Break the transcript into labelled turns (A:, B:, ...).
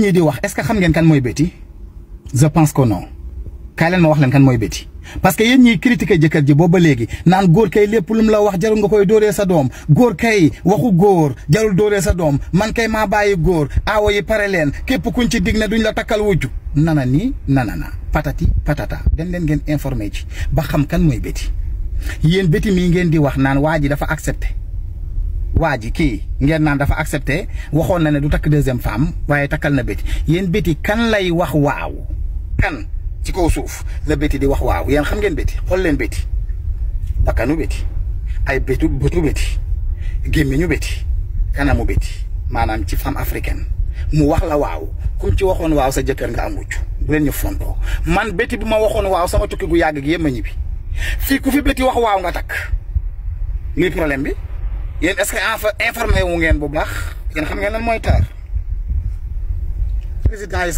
A: ñii di wax est-ce que xam ngeen kan mooy Betty je pense que non kaay leen ma wax leen kan mooy Betty parce que yéen ñiy critiquer jëkkër ji booba ba léegi naan góor kay lépp lu mu la wax jarul nga koy dóoree sa doom góor kay waxu góor jarul dóoree sa doom man kay maa bàyyi góor aawo yi pare leen képp kuñ ci dig ne duñu la takkal wujju nana nii nana na patati patata dem leen ngeen informé ci ba xam kan mooy Betty yéen Betty mii ngeen di wax naan waa ji dafa accepté. waa ji kii ngeen naan dafa accepté waxoon na ne du takk deuxième femme waaye takkal na Betty yéen Betty kan lay wax waaw kan ci kaw suuf la Betty di wax waaw yéen xam ngeen Betty xool leen Betty bakkanu Betty ay bëtu bëtu Betty gémmiñu Betty kanamu Betty maanaam ci femme africaine mu wax la waaw comme ci waxoon waaw sa jëkkër nga am mucc bu leen ñu fontoo man Betty bu ma waxoon waaw sama tukki gu yàgg gi yëpp ma ñibbi fii ku fi Betty wax waaw nga takk luy problème bi. yéen est-ce que informé u ngeen bu baax yéen xam ngeen lan mooy taar président